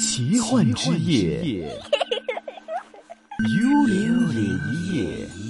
奇幻之夜，之夜 幽靈夜。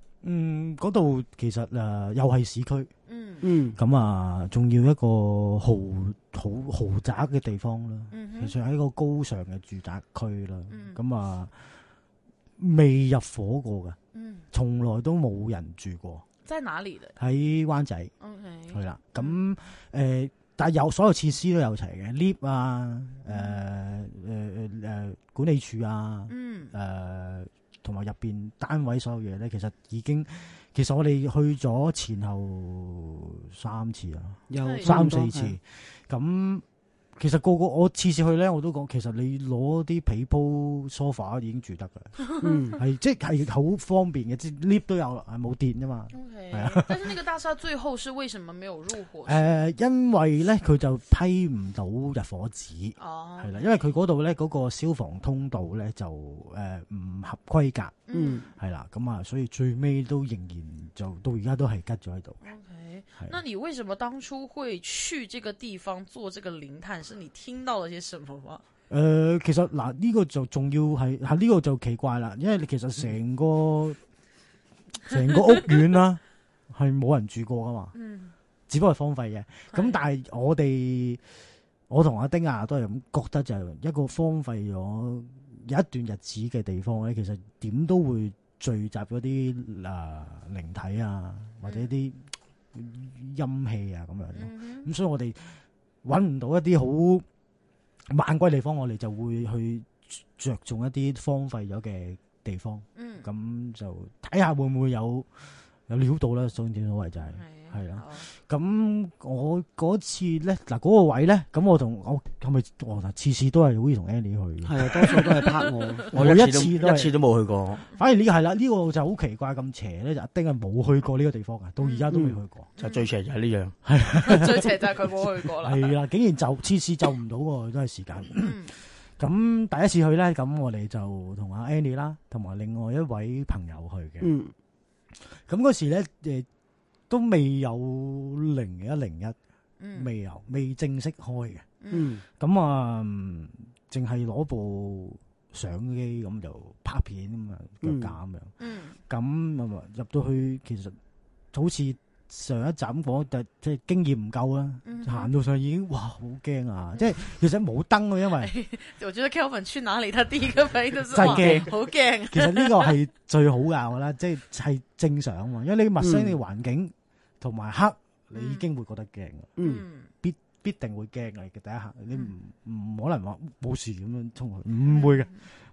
嗯，嗰度其實誒、呃、又係市區，嗯嗯，咁啊，仲要一個豪好豪，豪宅嘅地方啦，嗯哼，其實係一個高尚嘅住宅區啦，嗯，咁啊，未入伙過㗎，嗯，從來都冇人住過。在哪裏？喺灣仔，OK，係啦，咁誒、呃，但係有所有設施都有齊嘅，lift 啊，誒誒誒誒，管理處啊，嗯，誒、呃。同埋入邊單位所有嘢咧，其實已經，其實我哋去咗前後三次啊，有三四次，咁。其實個個我次次去咧，我都講，其實你攞啲被鋪梳化已經住得噶啦， 嗯，係即係好方便嘅，即 lift 都有啦，係冇電啊嘛，Okay，是啊、但是那個大廈最後是為什麼沒有入伙？誒、呃，因為咧佢就批唔到入伙紙，哦、啊，係啦、啊，因為佢嗰度咧嗰個消防通道咧就誒、呃、唔合規格，嗯，係啦，咁啊，所以最尾都仍然就到而家都係吉咗喺度。Okay. 那你為什麼當初會去這個地方做這個靈探？是你聽到了些什麼嗎？誒、呃，其實嗱呢，這個就仲要係，係、這、呢個就奇怪啦，因為你其實成個成 個屋苑啦，係冇人住過噶嘛， 只不過係荒廢嘅。咁的但係我哋我同阿丁啊都係咁覺得，就係一個荒廢咗有一段日子嘅地方咧，其實點都會聚集咗啲誒靈體啊，或者啲。嗯陰氣啊，咁樣，咁、嗯、哼所以我哋揾唔到一啲好晚歸地方，我哋就會去着重一啲荒廢咗嘅地方，咁、嗯、就睇下會唔會有。有料到啦，送邊到位就係，係咁我嗰次咧，嗱嗰個位咧，咁我同我係咪王達次次都係好似同 Annie 去嘅？係啊，多數都係拍我， 我一次我一次都冇去過。反而呢、這個係啦，呢、這個就好奇怪咁邪咧，就一定係冇去過呢個地方噶，到而家都未去過，嗯、就係、最邪就係呢樣係最邪就係佢冇去過啦。係啦， 竟然就次次就唔到，都係時間。咁 第一次去咧，咁我哋就同阿 Annie 啦，同埋另外一位朋友去嘅。嗯。咁嗰時咧，誒、呃，都未有零一零一，未有，未正式開嘅、嗯。嗯，咁啊，淨係攞部相機咁就拍片啊，腳架咁樣嗯。嗯，咁啊，入到去其實好似。上一盞火，就即係經驗唔夠啦，行到上已經哇好驚啊！即係其實冇燈啊，因為我覺得 Kelvin 去哪裡都跌嘅，真係驚，好驚。其實呢個係最好㗎，我覺得即係係正常啊嘛，因為你陌生嘅環境同埋黑，你已經會覺得驚嘅，嗯，必必定會驚嘅第一下，你唔唔可能話冇事咁樣衝去，唔會嘅。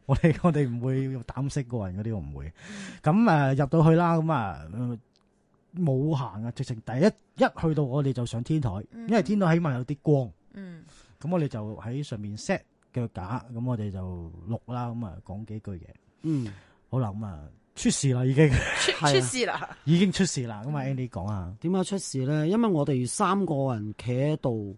我哋我哋唔會膽色過人嗰啲，我唔會。咁誒入到去啦，咁啊。冇行啊！直情第一一去到我哋就上天台，嗯、因為天台起碼有啲光。嗯，咁我哋就喺上面 set 腳架，咁我哋就錄啦，咁啊講幾句嘢。嗯，好啦，咁啊出事啦已經，出，出事啦， 啊、事已經出事啦。咁啊 Andy 講啊，點解出事咧？因為我哋三個人企喺度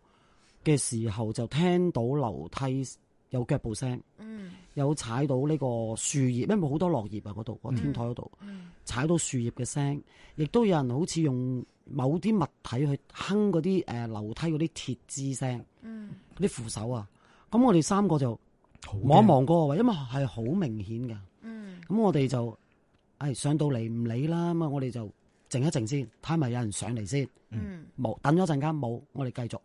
嘅時候就聽到樓梯。有腳步聲，嗯、有踩到呢個樹葉，因為好多落葉啊嗰度，個天台嗰度，嗯、踩到樹葉嘅聲，亦都有人好似用某啲物體去哼嗰啲誒樓梯嗰啲鐵枝聲，嗰啲、嗯、扶手啊。咁我哋三個就望一望嗰個位，啊、因為係好明顯嘅。咁、嗯、我哋就誒、哎、上到嚟唔理啦，咁我哋就靜一靜先，睇埋有人上嚟先。冇、嗯、等咗陣間冇，我哋繼續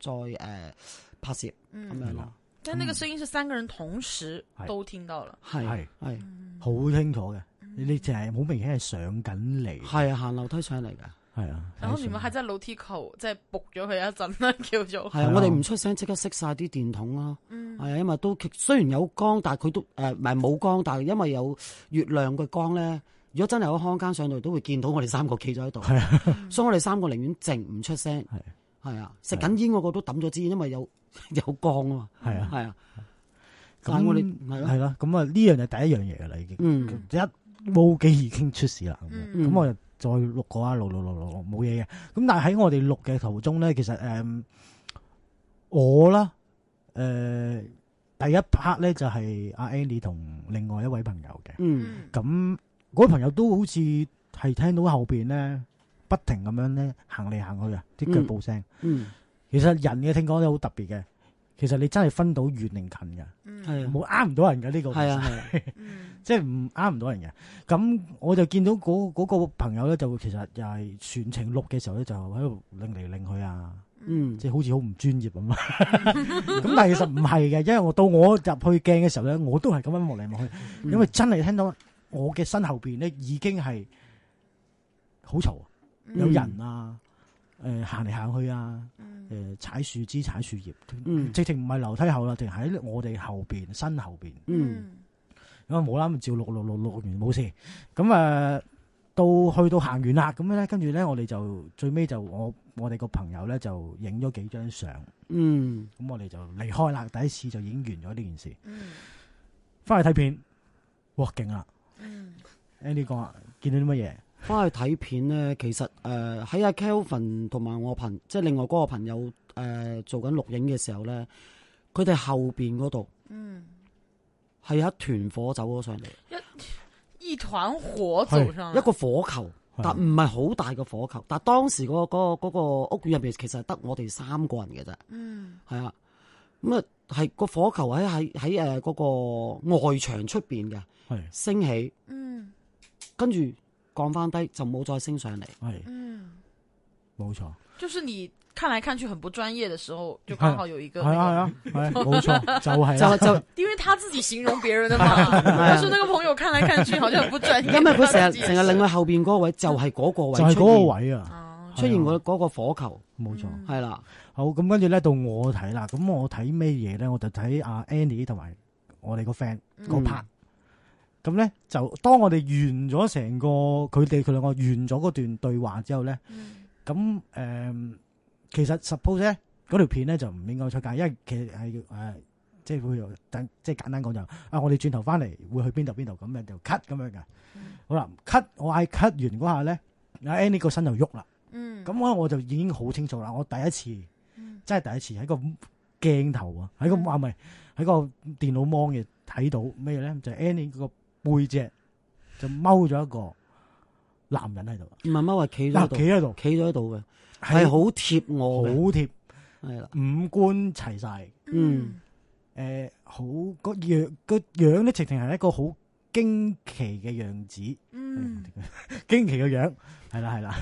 再誒、呃、拍攝咁、嗯、樣啦。但係呢個聲音係三個人同時都聽到啦、嗯，係係好清楚嘅，你你淨係好明顯係上緊嚟，係啊，行樓梯上嚟㗎，係啊， 啊，我哋咪係真係樓梯口，即係仆咗佢一陣啦，叫做係啊，我哋唔出聲，即刻熄晒啲電筒啦，係、嗯、啊，因為都雖然有光，但係佢都誒唔係冇光，但係因為有月亮嘅光咧，如果真係有行間上到嚟，都會見到我哋三個企咗喺度，啊，所以我哋三個寧願靜唔出聲，係啊，食緊煙個個都抌咗支煙，因為有。 有光啊嘛係啊，係啊，咁我哋，係咯，咁啊呢樣就是第一樣嘢㗎啦，已經、嗯，一冇幾已經出事啦，咁、嗯、我就再錄過啊，錄錄錄錄錄冇嘢嘅，咁但係喺我哋錄嘅途中咧，其實誒、呃、我啦，誒、呃、第一 part 咧就係、是、阿 Andy 同另外一位朋友嘅，咁嗰位朋友都好似係聽到後邊咧不停咁樣咧行嚟行去啊，啲腳步聲，嗯嗯其實人嘅聽講都好特別嘅，其實你真係分到遠定近嘅，係冇呃唔到人嘅呢、呢個係，係啊、嗯， 即係唔呃唔到人嘅。咁我就見到嗰嗰個朋友咧，就其實又係全程錄嘅時候咧，就喺度擰嚟擰去啊，嗯、即係好似好唔專業咁啊！咁、嗯、 但係其實唔係嘅，因為我到我入去鏡嘅時候咧，我都係咁樣望嚟望去，嗯、因為真係聽到我嘅身後邊咧已經係好嘈，有人啊。嗯誒，行嚟行去啊，誒、嗯呃，踩樹枝、踩樹葉、嗯，直情唔係樓梯後啦，直喺我哋後邊、身後邊。咁啊、嗯，冇啦咪照錄錄錄錄完冇事。咁、嗯、啊，到去到行完啦，咁、嗯、咧，跟住咧，我哋就最尾就我我哋個朋友咧就影咗幾張相。咁、嗯、我哋就離開啦，第一次就影完咗呢件事。翻、嗯、去睇片，哇，勁啦！Andy 講，見、嗯、到啲乜嘢？翻去睇片咧，其實誒喺阿 Kelvin 同埋我朋即係另外嗰個朋友誒做緊錄影嘅時候咧，佢哋後邊嗰度，嗯，係有一團火走咗上嚟，一團火走上來，一個火球，但唔係好大個火球。但當時嗰個嗰個嗰個屋苑入面其實得我哋三個人嘅啫，嗯，係啊，咁啊係個火球喺喺喺誒嗰個外牆出邊嘅，係升起，嗯，跟住。降翻低就冇再升上嚟，係，嗯，冇錯。就是你看來看去很不專業的時候，就剛好有一個係啊，係冇錯，就係，就係就就因為他自己形容別人的嘛，說那個朋友看來看去好像很不專業，因為佢成日成日另外後邊嗰個位，就係嗰個位，就係嗰個位啊，出現我嗰個火球，冇錯，係啦。好，咁跟住咧到我睇啦，咁我睇咩嘢咧？我就睇阿 Annie 同埋我哋個 friend 個 part 咁咧就當我哋完咗成個佢哋佢兩個完咗嗰段對話之後咧，咁、嗯呃、其實 suppose 咧嗰條片咧就唔應該出街，因為其實係、呃就係、即係會，但即係簡單講就啊，我哋轉頭翻嚟會去邊度邊度咁樣就 cut 咁樣㗎。嗯、好啦，cut 我嗌 cut 完嗰下咧，阿 Annie 個身就喐啦。咁我、嗯、我就已經好清楚啦，我第一次、嗯、真係第一次喺個鏡頭、嗰個嗯、啊，喺個啊，唔係喺個電腦芒嘅睇到咩咧，就係、Annie、嗰個。背脊就踎咗一個男人喺度，唔係踎，係企咗企喺度，企喺度嘅，係好貼我，好貼，係啦，五官齊晒，嗯，誒，好個樣，個樣咧直情係一個好驚奇嘅樣子，嗯，驚奇嘅樣，係啦係啦，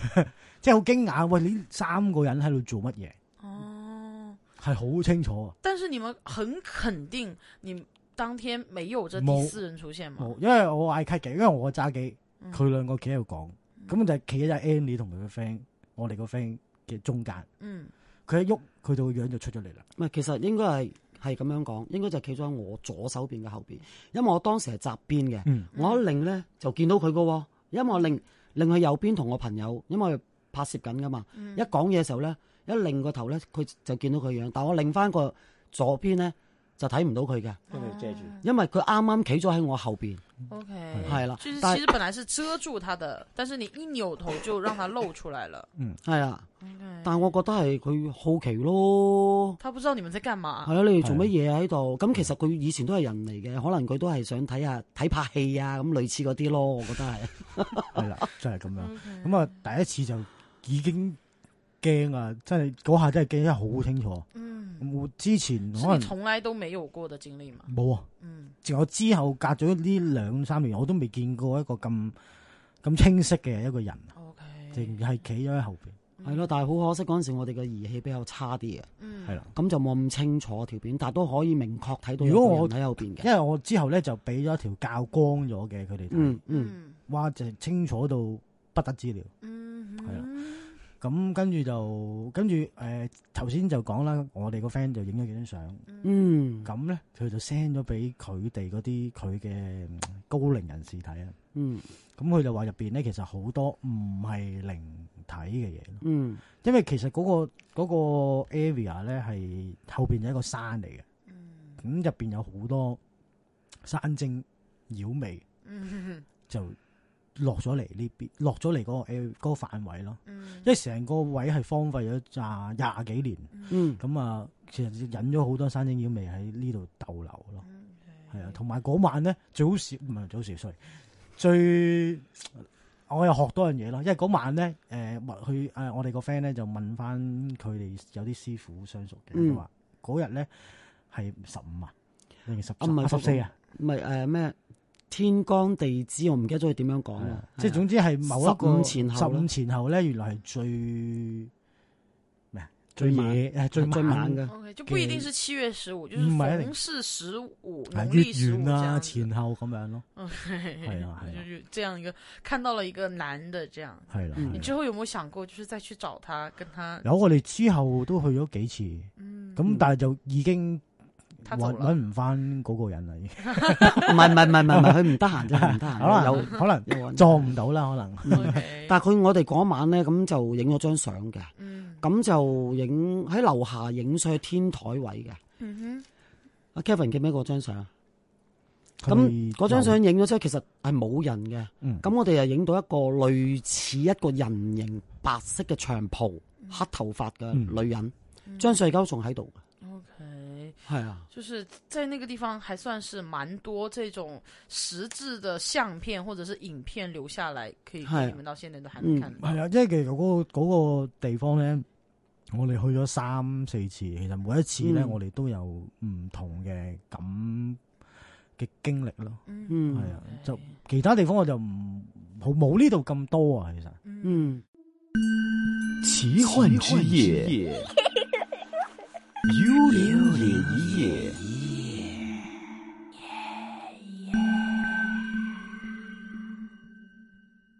即係好驚訝，喂，呢 三個人喺度做乜嘢？哦，係好清楚啊！但是你們很肯定你。當天沒有這第四人出現嗎？冇，因為我嗌卡機，因為我揸機，佢兩個企喺度講，咁就係企喺只 Annie 同佢個 friend，我哋個 friend 嘅中間。嗯，佢一喐，佢就個樣就出咗嚟啦。唔係，其實應該係係咁樣講，應該就企咗喺我左手邊嘅後邊，因為我當時係側邊嘅，嗯、我一擰咧就見到佢噶、哦，因為我擰擰去右邊同我朋友，因為我拍攝緊噶嘛，嗯、一講嘢嘅時候咧，一擰個頭咧，佢就見到佢樣子，但我擰翻個左邊咧。就睇唔到佢嘅，跟住遮住，因為佢啱啱企咗喺我後邊。OK，係啦，其實本來係遮住佢嘅，但係你一扭頭就讓佢露出嚟啦。嗯，係啦，但係我覺得係佢好奇咯。他不知道你們在幹嘛。係啊，你哋做乜嘢喺度？咁其實佢以前都係人嚟嘅，可能佢都係想睇下睇拍戲啊，咁類似嗰啲咯。我覺得係。係啦，真係咁樣。咁啊，我第一次就已經驚啊！真係嗰下真係驚，得好清楚。我之前可能係從來都未有過嘅經歷嘛，冇啊，嗯，我之後隔咗呢兩三年，我都未見過一個咁咁清晰嘅一個人，OK，淨係企咗喺後邊，係咯，但係好可惜嗰陣時我哋嘅儀器比較差啲啊，係啦，嗯，咁就冇咁清楚條片，但係都可以明確睇到，如果我睇後邊，因為我之後咧就俾咗一條較光咗嘅佢哋睇，嗯嗯，哇，就係清楚到不得之了，嗯，係啦。咁跟住就跟住，頭先、呃、就講啦，我哋個 friend 就影咗幾張相，嗯，咁咧佢就 send 咗俾佢哋嗰啲佢嘅高齡人士睇啦，嗯，咁佢就話入邊咧其實好多唔係靈體嘅嘢，嗯，因為其實嗰、嗰個嗰、嗰個 area 咧係後邊有一個山嚟嘅，咁入、嗯、面有好多山精妖魅。嗯、就。落咗嚟呢邊，落咗嚟嗰個誒嗰、欸嗰個範圍咯，嗯、因為成個位係荒廢咗廿廿幾年，咁、嗯、啊，其實引咗好多山精妖魅喺呢度逗留咯，係啊、嗯，同埋嗰晚咧，早時早時 sorry，最少唔係最少歲，最我又學多樣嘢咯，因為嗰晚咧，誒、呃呃，我佢我哋個 friend 咧就問返佢哋有啲師傅相熟嘅話，嗰日咧係十五啊，零十七啊，十四啊，唔係誒咩？啊。天光地知，我唔記得咗佢點樣講啦。即係總之係某一個十五前後，十五前後咧，原來係最咩啊？最夜誒，最最晚嘅。就不一定是七月十五，就是逢十五。月圓啊，前後咁樣咯。係啊，係啊，就是這樣一個看到了一個男的，這樣係啦。你之後有冇想過，就是再去找他，跟他？有，我哋之後都去咗幾次，咁但係就已經。揾揾唔翻嗰個人嚟，已經唔係唔係唔係唔係，佢唔得閒啫，唔得閒，可能可能撞唔到啦，可能。但係佢我哋嗰晚咧，咁就影咗張相嘅，咁就影喺樓下影上去天台位嘅。阿 Kevin 記唔記得嗰張相？咁嗰張相影咗之後，其實係冇人嘅。咁我哋又影到一個類似一個人形白色嘅長袍黑頭髮嘅女人。張瑞鳩仲喺度。係啊，就是在那個地方還算是蠻多這種實質的相片或者是影片留下來，可以跟你們到現在都還能看到。係啊、嗯、啊，因為其實嗰個、那個地方咧，我哋去咗三四次，其實每一次咧、嗯、我哋都有唔同嘅咁嘅經歷咯。嗯，係啊，就其他地方我就唔冇冇呢度咁多啊，其實。嗯。奇幻之夜。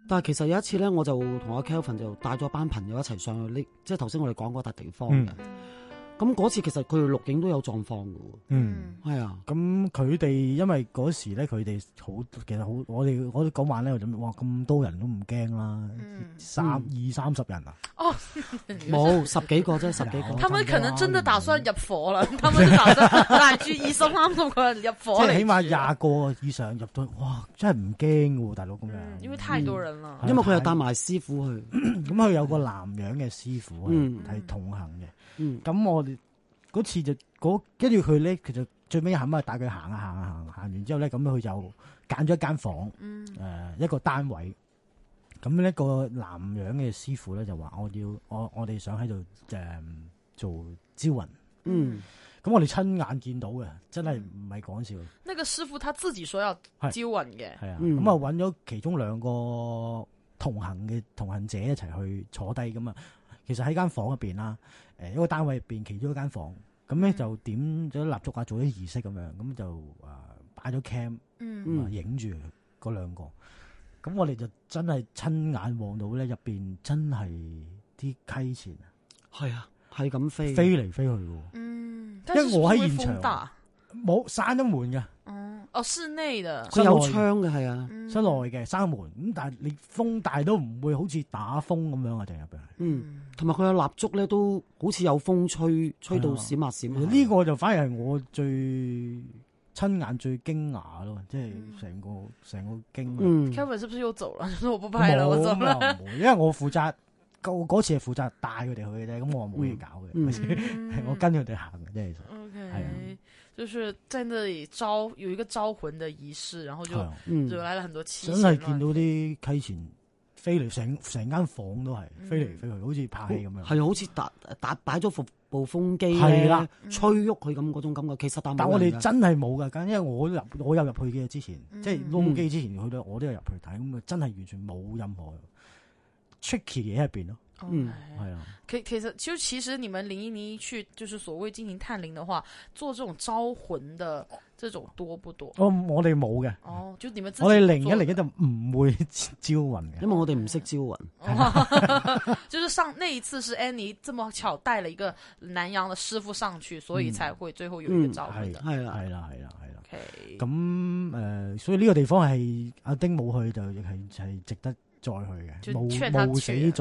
但係其實有一次咧，我就同阿 Kelvin 就帶咗班朋友一齊上去呢，即係頭先我哋講嗰笪地方嘅。嗯咁嗰次其實佢哋錄影都有狀況嘅喎。嗯，係啊。咁佢哋因為嗰時咧，佢哋好其實好，我哋我嗰晚咧就諗，哇咁多人都唔驚啦，三二三十人啊。哦，冇十幾個真係十幾個。他們可能真係打算入夥啦，他們打算帶住二十三個人入伙。即係起碼廿個以上入到，哇！真係唔驚喎，大佬咁樣。因為太多人啦。因為佢又帶埋師傅去，咁佢有個南洋嘅師傅，係同行嘅，咁我。嗰次就嗰跟住佢咧，其實最尾行冚阿帶佢行啊行行，行完之後咧，咁佢就揀咗一間房，誒一個單位。咁呢個南洋嘅師傅咧就話：我要我我哋想喺度誒做招魂。嗯，咁我哋親眼見到嘅，真係唔係講笑。那個師傅他自己所要招魂嘅，係啊，咁啊揾咗其中兩個同行嘅同行者一齊去坐低咁啊。其實喺間房入邊啦。誒一個單位入邊，其中一間房，咁咧、嗯、就點咗蠟燭啊，做啲儀式咁樣，咁就擺咗 cam，咁影住嗰兩個，咁、嗯、我哋就真係親眼望到咧，入面真係啲溪錢啊，係啊，係咁飛飛嚟飛去喎，嗯、因為我喺現場。冇閂咗門㗎。哦，室內的，室內，有窗嘅係啊，室內嘅閂門，咁但係你風，大都唔會好似打風咁樣啊，入入邊。嗯，同埋佢有蠟燭咧，都好似有風吹，吹到閃乜閃。呢個就反而係我最親眼最驚訝咯，即係成個成個驚。Kevin 是不是又走了？我不拍了，我走啦！因為我負責，我嗰次係負責帶佢哋去嘅啫，咁我冇嘢搞嘅，係我跟佢哋行嘅啫，其實。OK。係啊。就是在那裏招有一個招魂的儀式，然後就就來了很多氣、嗯。真係見到啲溪錢飛嚟，成成間房都係、嗯、飛嚟飛去，好似拍戲咁樣。係、哦、好似打打擺咗副部風機咧，是的吹喐佢咁嗰種感覺。嗯、其實但我哋真係冇噶，因為我入我有入，入，入去嘅之前，嗯、即係窿機之前去到我都有入去睇，咁啊真係完全冇任何。Tricky 嘅喺入邊咯，面 okay，嗯，係啊，可其實就其實你們零一零一去，就是所謂進行探靈的話，做這種招魂的這種多不多？哦、我我哋冇嘅，哦，就你們我哋零一零一就唔會招魂嘅，因為我哋唔識招魂，對 就是上那一次是 Annie 這麼巧帶了一個南洋的師傅上去，所以才會最後有一個招魂的，係啦、嗯，係、嗯、啦，係啦，係啦 OK，咁誒，所以呢個地方係阿丁冇去就係係值得。再去嘅，冇死再去一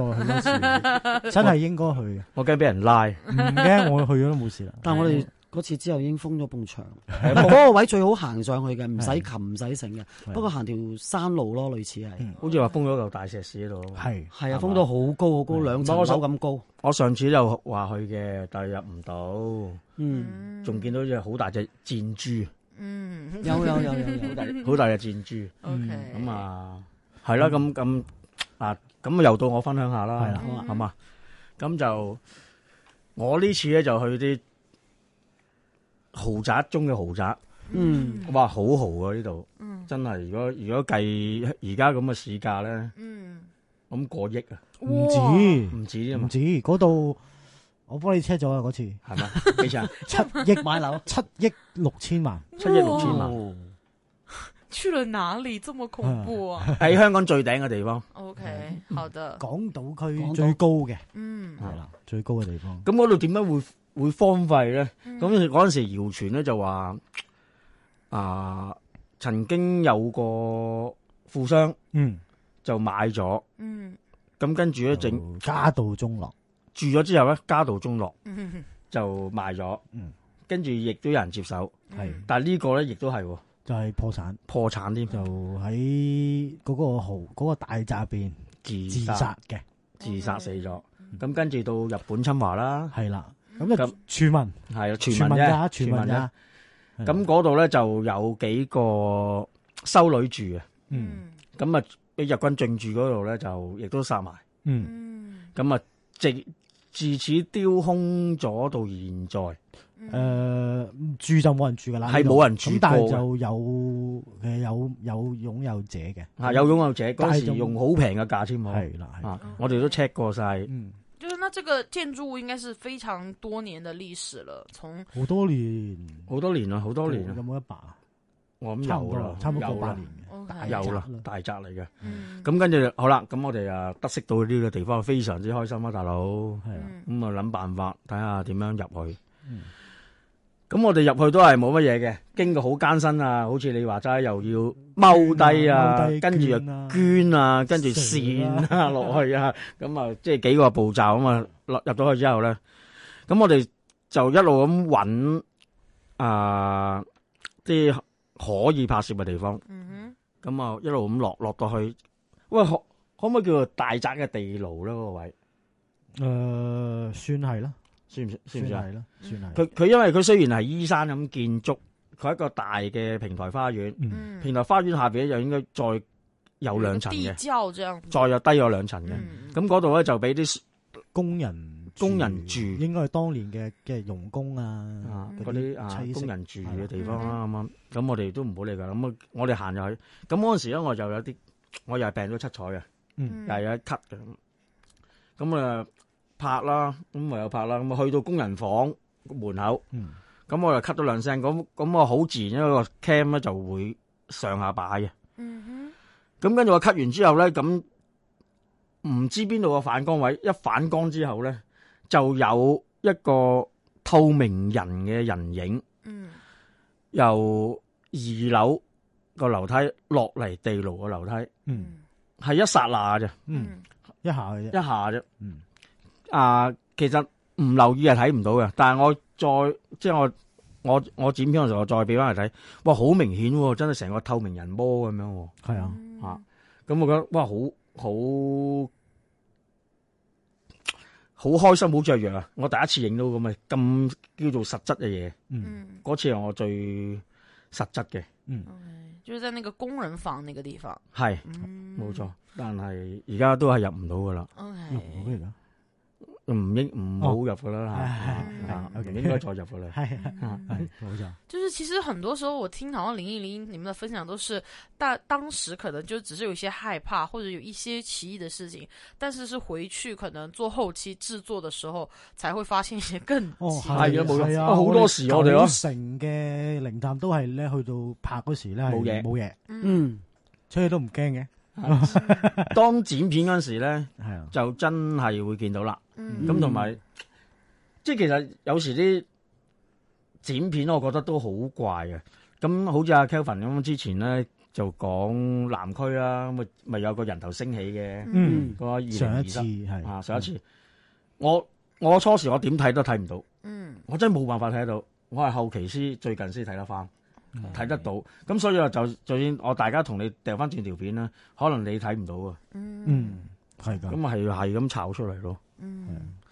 次，真係應該去。我驚俾人拉，唔驚我去咗都冇事啦。但係我哋嗰次之後，已經封咗埲牆，嗰個位最好行上去嘅，唔使擒唔使繩嘅。不過行條山路咯，類似係。好似話封咗嚿大石屎喺度咯。係係啊，封到好高好高，兩把手咁高。我上次就話去嘅，但係入唔到。嗯，仲見到隻好大隻箭豬。嗯，有有有有好大好隻箭豬。O 咁啊。係啦，咁咁啊，咁又到我分享下啦，好嘛？咁就我呢次咧就去啲豪宅中嘅豪宅，豪宅嗯，哇，好豪啊呢度，嗯、真係如果如果計而家咁嘅市價咧，嗯，咁過億啊，唔止，唔止，止，唔止，嗰度我幫你車咗啊，嗰次係嘛？幾錢？七億 買樓，七億六千萬，哦、七億六千萬。去了哪裡？這麼恐怖啊！喺香港最頂嘅地方。OK，好的。港島區最高嘅，嗯係啦，最高嘅地方。咁嗰度點解會會荒廢咧？咁嗰陣時謠傳咧就話，啊曾經有個富商，嗯就買咗，嗯咁跟住咧一整家道中落，住咗之後咧家道中落，就賣咗，嗯跟住亦都有人接手，係但係呢個咧亦都係。就係破產，破產添，就喺嗰個豪嗰個大宅入邊自殺嘅，自殺死咗。咁跟住到日本侵華啦，係啦，咁就傳聞，係傳聞啫，傳聞啫。咁嗰度咧就有幾個修女住嘅，嗯，咁啊俾日軍進駐嗰度咧就亦都殺埋，嗯，咁啊自自此丟空咗到現在。誒，住就冇人住噶啦，係冇人住，但係就有誒有有擁有者嘅吓，有擁有者但係就用好平嘅價錢，係啦，我哋都 check 過晒。嗯，就是呢，這個建築物應該是非常多年嘅歷史啦，從好多年，好多年啦，好多年啦，有冇一百？我諗有啦，差唔多八年嘅，大有啦，大宅嚟嘅。咁跟住好啦，咁我哋啊得識到呢個地方，非常之開心啦，大佬係啦，咁啊諗辦法睇下點樣入去。咁我哋入去都係冇乜嘢嘅，經過好艱辛啊！好似你話齋，又要踎低啊，跟住啊捐啊，跟住扇啊落去啊，咁啊，即係幾個步驟啊嘛。落入咗去之後咧，咁我哋就一路咁搵啊，即係可以拍攝嘅地方。咁啊、嗯哼，一路咁落落到去，喂，可可唔可以叫做大宅嘅地牢咧？嗰、那個位，誒、呃，算係啦。算唔算？算？算唔算啊？佢佢因為佢雖然係依山咁建築，佢係一個大嘅平台花園，嗯、平台花園下邊就應該再有兩層嘅，再又低咗兩層嘅。咁嗰度咧就俾啲工人工人住，人住應該係當年嘅嘅傭工啊，嗰啲，啊啊、工人住嘅地方啦。咁樣，咁我哋都唔好理佢。咁我我哋行入去，咁嗰陣時咧我就有啲我又病咗七彩嘅，嗯、又又有咳嘅，咁咁啊。呃拍啦，咁咪又拍啦，咁去到工人房門口，咁、嗯、我又咳咗兩聲，咁咁我好自然一、個 cam 咧就會上下擺嘅，咁跟住我咳完之後咧，咁唔知邊度個反光位一反光之後咧，就有一個透明人嘅人影，嗯、由二樓個樓梯落嚟地牢個樓梯，係、嗯、一剎那嘅，嗯、一下嘅，一下啫。嗯啊，其實唔留意係睇唔到嘅，但係我再即係我我我剪片嘅時候，我再俾翻嚟睇，哇，好明顯喎，真係成個透明人魔咁樣。係啊，吓，咁我覺得哇，好好好開心，好雀躍啊！我第一次影到咁啊，咁叫做實質嘅嘢。嗯，嗰次係我最實質嘅。嗯，okay，就係在那個工人房那個地方。係是，冇錯、嗯。但係而家都係入唔到噶啦。Okay 嗯唔、嗯、應唔好入啦吓，唔、哦啊、應該再入啦。係係冇錯。嗯、是就是其實很多時候我聽，好像林依玲你們的分享，都是但當時可能就只是有一些害怕，或者有一些奇異的事情，但是是回去可能做後期製作的時候，才會發現一些更，哦係啊冇錯啊，好多時我哋成嘅靈探都係咧去到拍嗰時咧冇嘢冇嘢，嗯出去都唔驚嘅。 當剪片嗰時咧，啊、就真係會見到啦。咁同埋，有嗯、即係其實有時啲剪片，我覺得都很怪好怪嘅。咁好似阿 Kelvin 咁，之前咧就講南區啦、啊，咪、就、咪、是、有個人頭升起嘅。嗯，個二零二一啊，上一次我我初時我點睇都睇唔到，嗯，我真係冇辦法睇到，我係後期先最近先睇得翻。睇得到，咁、嗯、所以我就就，就算我大家同你掉翻轉條片啦，可能你睇唔到、嗯嗯、啊。嗯，係咁，咁係係咁炒出嚟咯。嗯，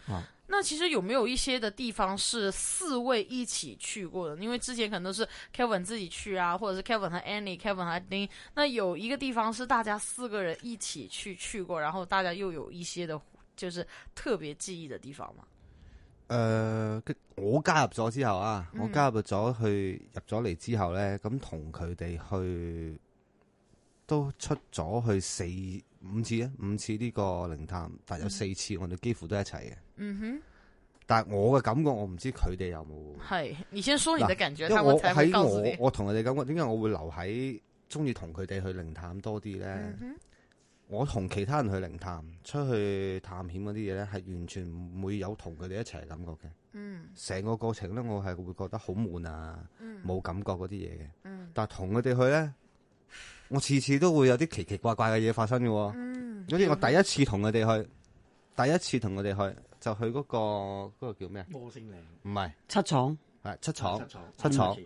嗯那其實有沒有一些的地方是四位一起去過的？因為之前可能都是 Kevin 自己去啊，或者是 Kevin 和 Annie、Kevin 和丁。那有一個地方是大家四個人一起去去過，然後大家又有一些的，就是特別記憶的地方嗎？誒、呃，我加入咗之後啊，嗯、我加入咗去入咗嚟之後咧，咁同佢哋去都出咗去四五次啊，五次呢個靈探，但有四次我哋幾乎都一齊嘅。嗯哼，但係我嘅感覺我唔知佢哋有冇。係，你先說你嘅感覺，呢我喺我我同佢哋感覺，點解我會留喺中意同佢哋去靈探多啲咧？嗯我同其他人去靈探、出去探險嗰啲嘢咧，係完全唔會有同佢哋一齊嘅感覺嘅。嗯，成個過程咧，我係會覺得好悶啊，冇、嗯、感覺嗰啲嘢嘅。嗯，但係同佢哋去咧，我次次都會有啲奇奇怪怪嘅嘢發生嘅、哦。嗯，好似我第一次同佢哋去，第一次同佢哋去就去嗰、嗰個嗰、嗰個叫咩？摩星嶺，唔係七廠重，係七廠，七廠。七廠。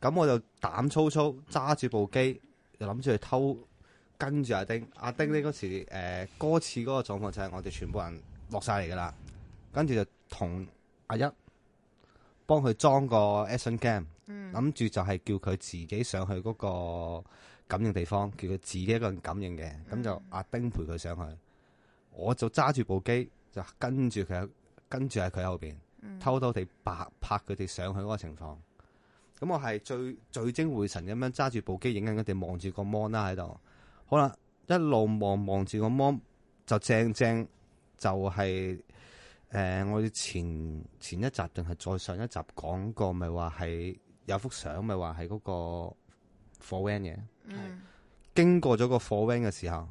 咁我就膽粗粗，揸住部機，就諗住去偷。跟住阿丁，阿丁呢嗰時、呃、歌詞嗰個狀況就係我哋全部人落晒嚟噶啦。跟住就同阿一幫佢裝個 action game，諗住就係叫佢自己上去嗰個感應地方，叫佢自己一個人感應嘅。咁、嗯、就阿丁陪佢上去，我就揸住部機就跟住佢，跟住喺佢後邊、嗯、偷偷地拍拍佢哋上去嗰個情況。咁我係最聚精會神咁樣揸住部機影緊佢哋，望住個 mon 啦喺度。.好啦，一路望望住個芒，就正正就係、是、誒、呃，我哋前前一集定係再上一集講過，咪話係有幅相，咪話係嗰個火 van 嘅，係是經過咗個火 van 嘅時候，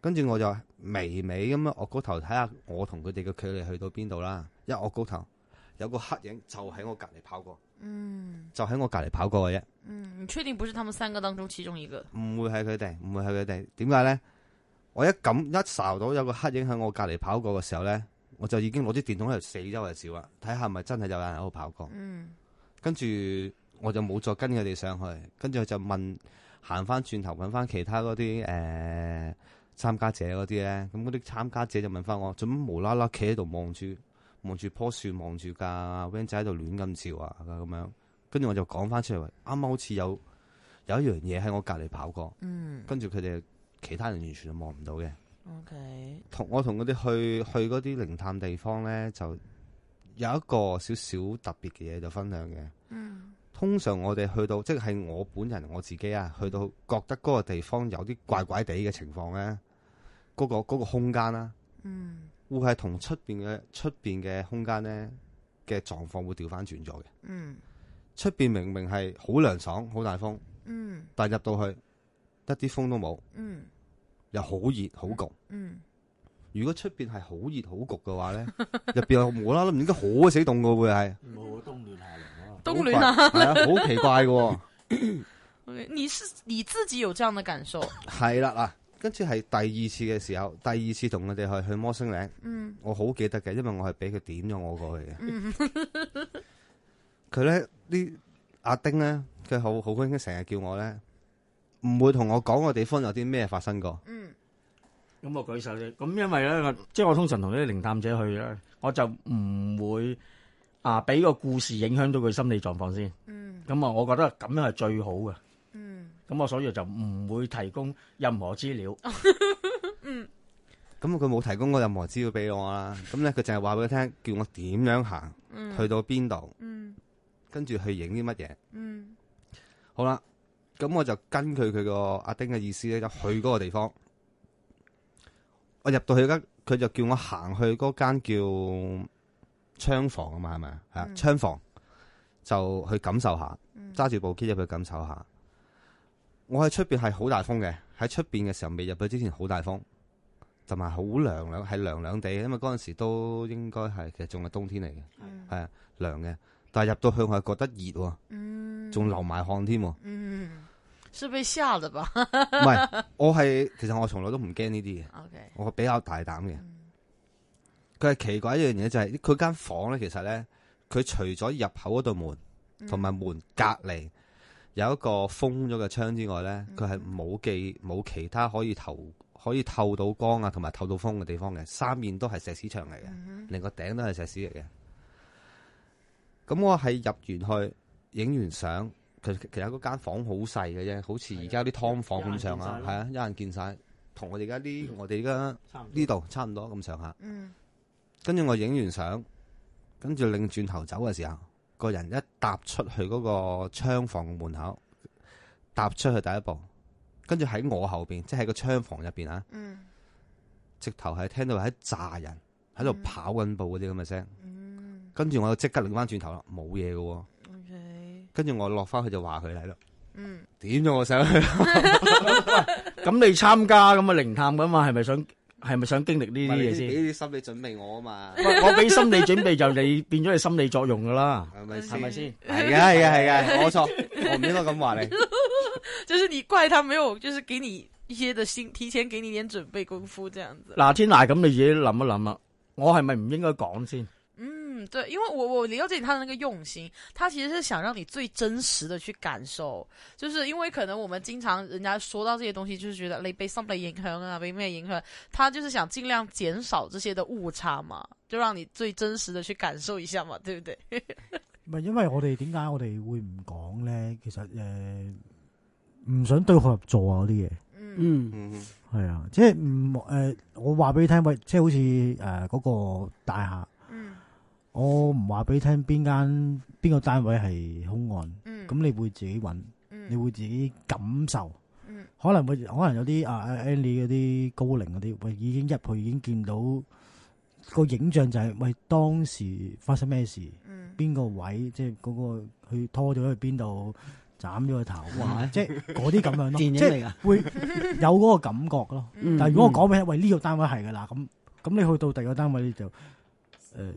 跟住我就微微咁樣，我高頭睇下我同佢哋嘅距離去到邊度啦，一我高頭。有個黑影就喺我隔籬跑過，嗯，就喺我隔籬跑過嘅啫。嗯，你確定不是他們三個當中其中一個？唔會係佢哋，唔會係佢哋。點解咧？我一咁、一睄到有個黑影喺我隔籬跑過嘅時候咧，我就已經攞支電筒喺度四周嚟照啦，睇下係咪真係有人喺度跑過。嗯，跟住我就冇再跟佢哋上去，跟住就問行翻轉頭問翻其他嗰啲誒參加者嗰啲咧。咁嗰啲參加者就問翻我，做乜無啦啦企喺度望住？望住棵樹，望住架 van 仔喺度亂咁照啊，咁樣，跟住我就講翻出嚟，啱啱好似有有一樣嘢喺我隔籬跑過，嗯。跟住佢哋其他人完全望唔到嘅。OK。同我同嗰啲去去嗰啲靈探地方咧，就有一個少少特別嘅嘢就分享嘅。嗯。通常我哋去到，即係我本人我自己啊，去到覺得嗰個地方有啲怪怪地嘅情況咧，嗰個嗰個空間啦。嗯。會係同出邊嘅出邊嘅空間咧嘅狀況會調翻轉咗嘅。嗯，出邊明明係好涼爽，好大風。嗯，但入到去得啲風都冇。嗯，又好熱好焗。嗯，如果出邊係好熱好焗嘅話咧，入邊、嗯、 又無啦啦，應該好死凍嘅會係。冇冬暖夏涼啊！冬暖係啊，好奇怪嘅。 你是你自己有這樣嘅感受？係啦跟住係第二次嘅時候，第二次同佢哋去去摩星嶺，嗯、我好記得嘅，因為我係俾佢點咗我過去嘅。佢咧、嗯， 呢阿丁咧，佢好好興成日叫我咧，唔會同我講個地方有啲咩發生過。咁、嗯、我舉手先。咁因為咧，即係我通常同呢啲靈探者去咧，我就唔會啊俾個故事影響到佢心理狀況先。咁啊、嗯，我覺得咁樣係最好嘅。咁我所以就唔會提供任何資料。 嗯，咁佢冇提供過任何資料俾我啦。咁咧，佢淨係話俾我聽，叫我點樣行，嗯、去到邊度，跟住去影啲乜嘢。嗯、嗯好啦，咁我就根據佢個阿丁嘅意思咧，就是，去嗰個地方。我入到去間，佢就叫我行去嗰間叫槍房啊嘛，係咪啊？嗯，槍房就去感受下，揸住部機入去感受下。我喺出邊係好大風嘅，喺出邊嘅時候未入去之前好大風，同埋好涼涼，係涼涼地，因為嗰陣時都應該係其實仲係冬天嚟嘅，係啊涼嘅，但係入到去，我係覺得熱、哦，嗯，仲流埋汗添，嗯，是被吓的吧？唔 係，我係其實我從來都唔驚呢啲嘅，okay, 我是比較大膽嘅。佢係、嗯、奇怪的一樣嘢就係佢間房咧，其實咧，佢除咗入口嗰度門同埋門隔離。嗯嗯有一個封咗嘅窗之外咧，佢係冇記冇其他可以透可以透到光啊，同埋透到風嘅地方嘅，三面都係石屎牆嚟嘅，嗯、哼連個頂都係石屎嚟嘅。咁我係入完去影完相，其實其實嗰間房好細嘅啫，好似而家啲劏房咁上下，係啊一眼見晒，同我哋而家啲我哋而家呢度差唔多咁上下。跟住我影完相，跟住擰轉頭走嘅時候，個人一踏出去嗰個窗房嘅門口，踏出去第一步，跟住喺我後邊，即係喺個窗房入邊啊，嗯、直頭係聽到喺炸人，喺度跑緊步嗰啲咁嘅聲，跟、嗯、住我就即刻擰翻轉頭啦，冇嘢嘅，跟住 Okay, 我落翻去就話佢嚟啦，嗯、點咗我上去，咁 你參加咁嘅靈探咁嘛，係咪想？係咪想經歷呢啲嘢先？俾啲心理準備我啊嘛，不 我俾心理準備就變你變咗你心理作用噶啦，係咪？ 係咪先？係啊係啊係啊，冇錯， 我唔應該咁話你。 就是你怪他沒有，就是給你一些的心，提前給你點準備功夫，這樣子。嗱，天奶咁你自己諗一諗啊，我係咪唔應該講先？對，因為我我了解他的那個用心，他其實是想讓你最真實的去感受，就是因為可能我們經常人家說到這些東西，就是覺得你被 something 影響啊，被咩影響，他就是想盡量減少這些的誤差嘛，就讓你最真實的去感受一下嘛，對不對？唔係，因為我哋點解我哋會唔講咧？其實誒，唔、呃、想對號入座啊嗰啲嘢，嗯嗯係啊，即係唔誒，我話俾你聽喂，即係好似誒嗰個大廈。我唔話俾你聽邊間邊個單位係凶案，咁、嗯、你會自己揾，嗯、你會自己感受，嗯、可能會可能有啲啊，Annie 嗰啲高靈嗰啲，喂，已經入去已經見到個影像就係、是、喂當時發生咩事，邊、嗯、個位即係嗰個拖了去拖咗去邊度斬咗個頭，即係嗰啲咁樣咯，即係 會有嗰個感覺咯。嗯、但係如果我講俾你，嗯、喂呢、這個單位係噶啦，咁咁你去到第二個單位就誒。呃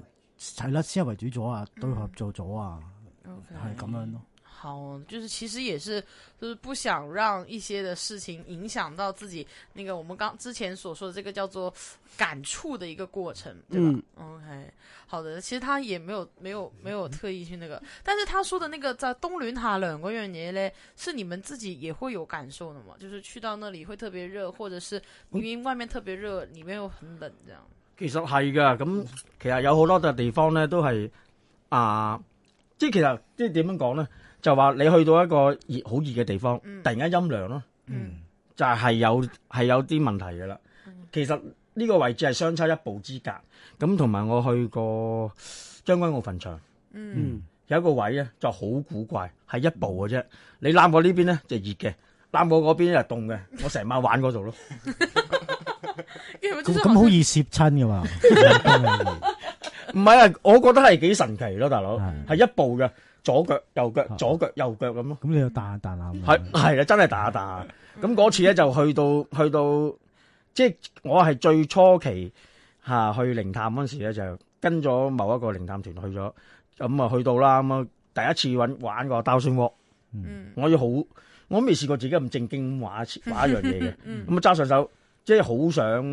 係啦，先為主咗啊，都合作咗啊，係咁、嗯 okay, 樣咯。好，就是其實也是，就是不想讓一些的事情影響到自己。那個我們剛之前所說的這個叫做感觸的一個過程，對吧、嗯、？OK，好的，其實他也沒有沒有沒有特意去那個，嗯、但是他說的那個在東林塔冷過一年咧，是你們自己也會有感受的嘛？就是去到那裏會特別熱，或者是明明外面特別熱，嗯、裏面又很冷這樣。其實係噶，咁其實有好多嘅地方咧，都係啊、呃，即係其實即係點樣講咧，就話你去到一個熱好熱嘅地方，突然間陰涼咯，嗯、就係有係有啲問題噶啦。嗯、其實呢個位置係相差一步之隔，咁同埋我去過將軍澳墳場、嗯嗯，有一個位咧就好古怪，係一步嘅啫。你攬我呢邊咧就熱嘅，攬我嗰邊咧就凍嘅。我成晚玩嗰度咯。 咁 好易涉親㗎嘛？唔係啊，我覺得係幾神奇咯，大佬係是一步嘅左腳右腳左腳右腳咁咯。咁你又彈彈下嘛？係係啊，真係彈彈。咁嗰 次咧就去到去到，即係我係最初期吓、啊、去靈探嗰時咧，就跟咗某一個靈探團去咗。咁、嗯、啊、嗯、去到啦，咁啊第一次玩玩個兜算鍋。我要好，我未試過自己咁正經玩，玩一一樣嘢嘅。咁啊揸上手。即係好想，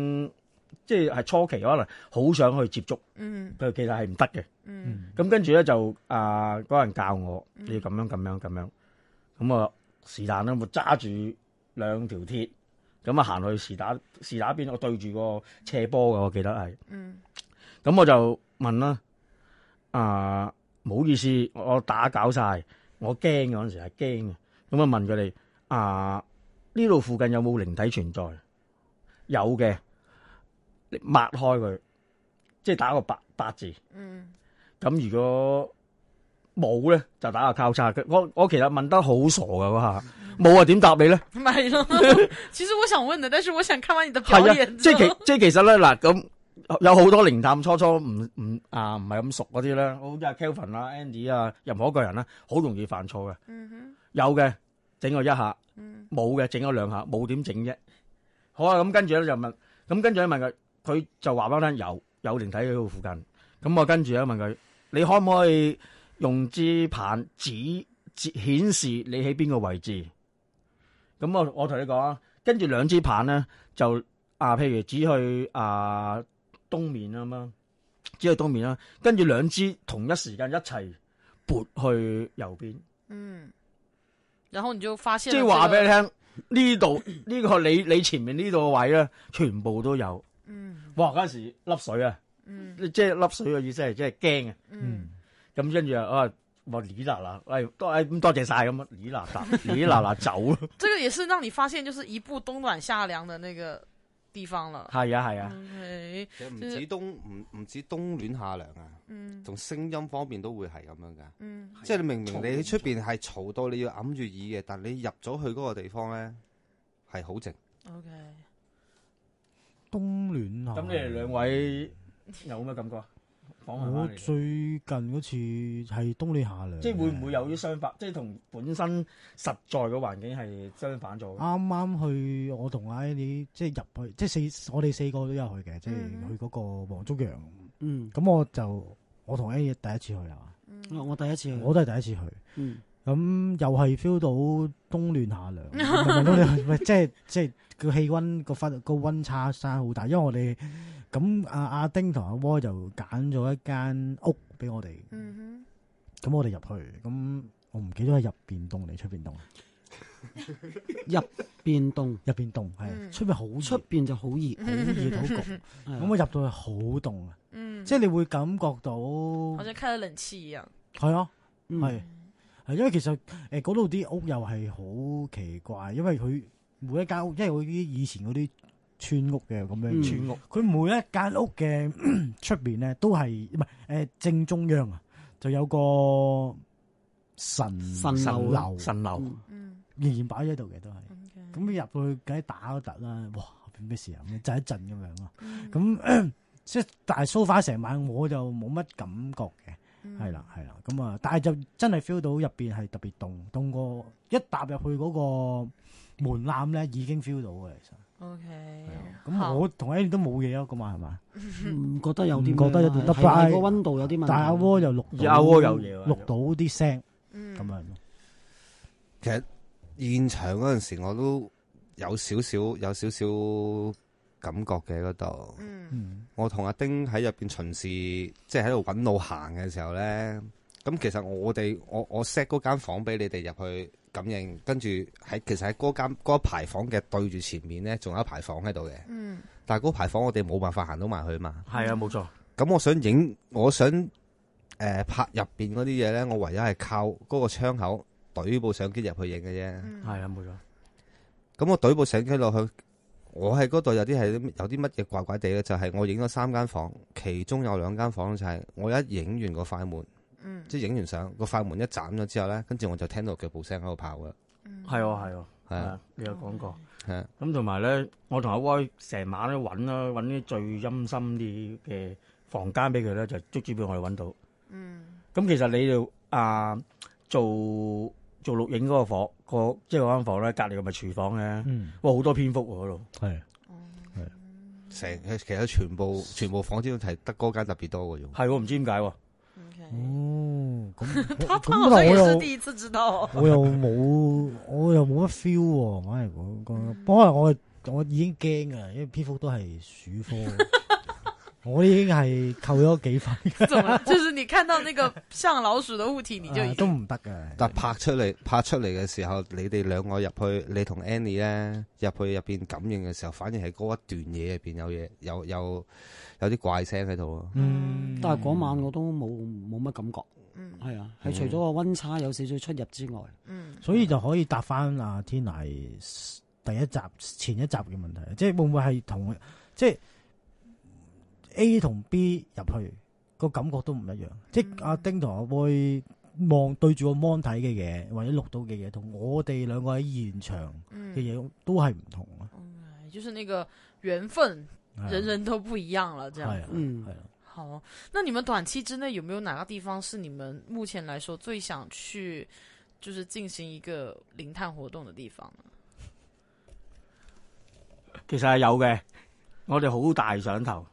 即係係初期可能好想去接觸。嗯，佢其實係唔得嘅。嗯，咁跟住咧就啊，嗰人教我你要咁樣咁樣咁樣，咁啊，是但咧，我揸住兩條鐵咁啊，行去是打是打邊，我對住個斜坡㗎，我記得係。嗯、mm，咁、hmm。我就問啦，啊、呃，唔好意思，我打攪晒，我驚嗰陣時係驚嘅。咁啊，我問佢哋啊，呢、呃、度附近有冇靈體存在？有嘅，你抹開佢，即係打個八八字。嗯。咁如果冇咧，就打個交叉。我我其實問得好傻噶嗰下，冇啊，點答你咧？唔係咯，其實我想問的， 但是我想看完你的跑。係啊，即係其即係其實咧嗱，咁有好多靈探初初唔唔啊唔係咁熟嗰啲咧，好似阿 Kelvin 啊、Andy 啊，任何一個人咧，好容易犯錯嘅。嗯哼。有嘅整咗一下，冇嘅、嗯、整咗兩下，冇點整啫。好啊，咁跟住咧就問，咁跟住咧問佢，佢就話翻翻有有靈體喺度附近。咁我跟住咧問佢，你可唔可以用支棒指指，指顯示你喺邊個位置？咁我我同你講啊，跟住兩支棒咧就啊，譬如，指去啊東面啊嘛，指去東面啦。跟住兩支同一時間一齊撥去右邊。嗯，然後你就發現，這個。即係話俾你聽。呢度呢個你你前面的置呢度位咧，全部都有。嗯，哇，嗰陣時粒水啊，嗯，即係粒水嘅意思係即係驚啊。嗯，咁跟住啊，我話李娜啦，喂、哎，多，咁、哎、多謝晒咁啊，李娜娜，李娜啦 走啦。這個也是讓你發現，就是一部冬暖夏涼的那個。地方啦，係啊係啊，係、啊，其實唔 Okay, 止冬唔唔、就是、止冬暖夏涼啊，嗯，同聲音方面都會係咁樣噶，嗯啊、即係你明明你喺出邊係嘈到你要揞住耳嘅，但你入咗去嗰個地方咧係好靜。OK，冬暖。啊，咁你哋兩位有咩感覺啊？ 我最近嗰次係冬至下咧，即係會唔會有啲相反，是的即係同本身實在嘅環境係相反咗？啱啱去，去，就是、我同阿 Annie 即係入去，即係四我哋四個都有去嘅，即、就、係、是、去嗰個黃竹洋。嗯，咁我就我同 Annie 第一次去啊，我、嗯、我第一次去，我都係第一次去。嗯。咁又係 feel 到冬暖夏涼，即係即係個氣溫個溫差差好大。因為我哋咁阿阿丁同阿波就揀咗一間屋俾我哋。咁我哋入去，咁我唔記得係入邊凍定出邊凍。入邊凍，入邊凍係，出邊好出邊就好熱，好熱好焗。咁我入到去好凍，即係你會感覺到好似開咗冷氣一樣。係啊，係。係，因為其實誒，嗰度啲屋又係好奇怪，因為佢每一間屋，因為嗰啲以前嗰啲村屋嘅咁樣村屋，佢每一間屋嘅出邊咧都係唔係誒正中央啊，就有個神神樓神樓，仍然擺喺度嘅都係。咁入去梗係打一突啦，哇！後邊咩事啊？震一震咁樣咯。咁即係但係 so far 成晚，我就冇乜感覺嘅。係啦，係啦，咁啊，但係就真係 feel 到入邊係特別凍，凍過一踏入去嗰個門檻咧，已經 feel 到嘅其實。OK，咁我同 A 都冇嘢啊，咁啊係咪？唔 覺得有啲，覺得有啲得晒個溫度有啲問題，大窩又錄，又窩嘢，錄到啲聲，咁、嗯、樣。其實現場嗰陣時我都有少少，有少少。感覺嘅嗰度，嗯、我同阿丁喺入邊巡視，即係喺度揾路行嘅時候咧。咁其實我哋我我 set 嗰間房俾你哋入去感應，跟住喺其實喺嗰間嗰排房嘅對住前面咧，仲有一排房喺度嘅。嗯、但嗰排房我哋冇辦法行到埋去嘛。係啊、嗯，冇錯。咁我想影，我想、呃、拍入邊嗰啲嘢咧，我唯一係靠嗰個窗口懟部相機入去影嘅啫。係啊、嗯，冇錯。咁我懟部相機落去。我喺嗰度有啲係有啲乜嘢怪怪地咧，就係、是、我影咗三間房，其中有兩間房就係我一影完個快門，嗯、即係影完相個快門一斬咗之後咧，跟住我就聽到腳步聲喺度跑嘅。係喎係喎係啊！的你有講過係啊？咁同埋咧，我同阿威成晚都揾啦，揾啲最陰森啲嘅房間俾佢咧，就捉住俾我哋揾到。嗯。咁其實你哋啊、呃、做？做錄影嗰個房，就是、個即係嗰間房咧，隔離又咪廚房嘅，嗯、哇好多蝙蝠喎嗰度，係，係，成其實全部全部房都係得嗰間特別多嘅喎，係我唔知點解喎，Okay. 哦咁，我第一次知道，我又冇、啊、我又冇乜 feel 喎，唔係嗰個， 不過我我已經驚嘅，因為蝙蝠都係鼠科。 我已經係扣咗幾分，就係你看到呢個像老鼠嘅物體，哇 你就已經、呃、都唔得㗎。是但拍出嚟，拍出嚟嘅時候，你哋兩個入去，你同 Annie 咧入去入邊感應嘅時候，反而係嗰一段嘢，入邊有嘢，有有有啲怪聲喺度咯。嗯，但係嗰晚我都冇冇乜感覺。嗯，係啊，係除咗個溫差有少少出入之外，嗯，所以就可以回答翻，阿 Tina 第一集前一集嘅問題，即係會唔會係同即係？A 同 B 入去個感覺都唔一樣，嗯、即係阿丁同阿威望對住個 mon 睇嘅嘢，或者錄到嘅嘢，同我哋兩個喺現場嘅嘢都係唔同啊、嗯。就是那個緣分，啊、人人都不一樣啦，這樣。係啊，係啊。好，那你們短期之內有沒有哪個地方是你們目前來說最想去，就是進行一個靈探活動嘅地方？其實係有嘅。我哋好大想頭，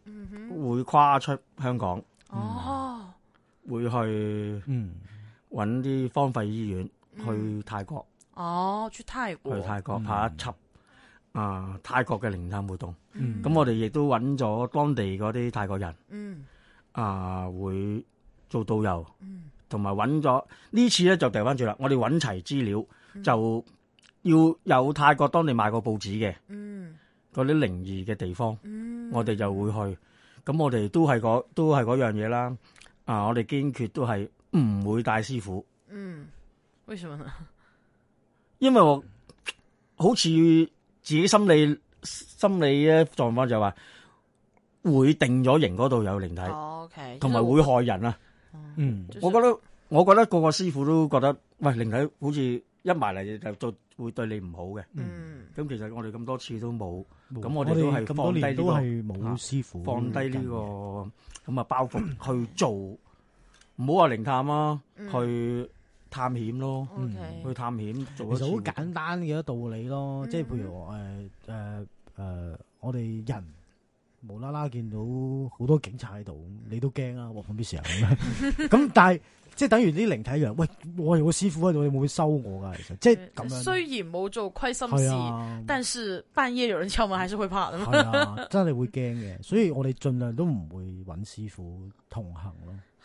會跨出香港，會去揾啲荒廢醫院去泰國，哦，去泰國，去泰國拍一輯啊！泰國嘅靈探活動，咁我哋亦都揾咗當地嗰啲泰國人，啊，會做導遊，同埋揾咗呢次咧就掉翻轉啦！我哋揾齊資料就要有泰國當地賣過報紙嘅。嗰啲靈異嘅地方，嗯、我哋就會去。咁我哋都係嗰都係樣嘢啦。啊，我哋堅決都係唔會帶師傅。嗯，為什麼呢？因為我好似自己心理心理嘅狀況就話會定咗型嗰度有靈體，同埋、哦 okay、會害人啊。嗯、就是我，我覺得我覺得個個師傅都覺得，喂，靈體好似一埋嚟就做。會對你唔好嘅，咁其實我哋咁多次都冇，咁我哋都係放低呢個，放低呢個咁啊包袱去做，唔好話零探啦，去探險咯，去探險做一次。其實好簡單嘅道理咯，即係譬如我誒誒誒，我哋人無啦啦見到好多警察喺度，你都驚啊，what’s the matter 咁，但係即係等於啲靈體一樣，喂，我係我師傅喺度，你會唔會收我噶？其實即係咁樣。雖然冇做虧心事，但是半夜有人敲門，還是會怕。係啊，真係會驚嘅，所以我哋盡量都唔會揾師傅同行咯。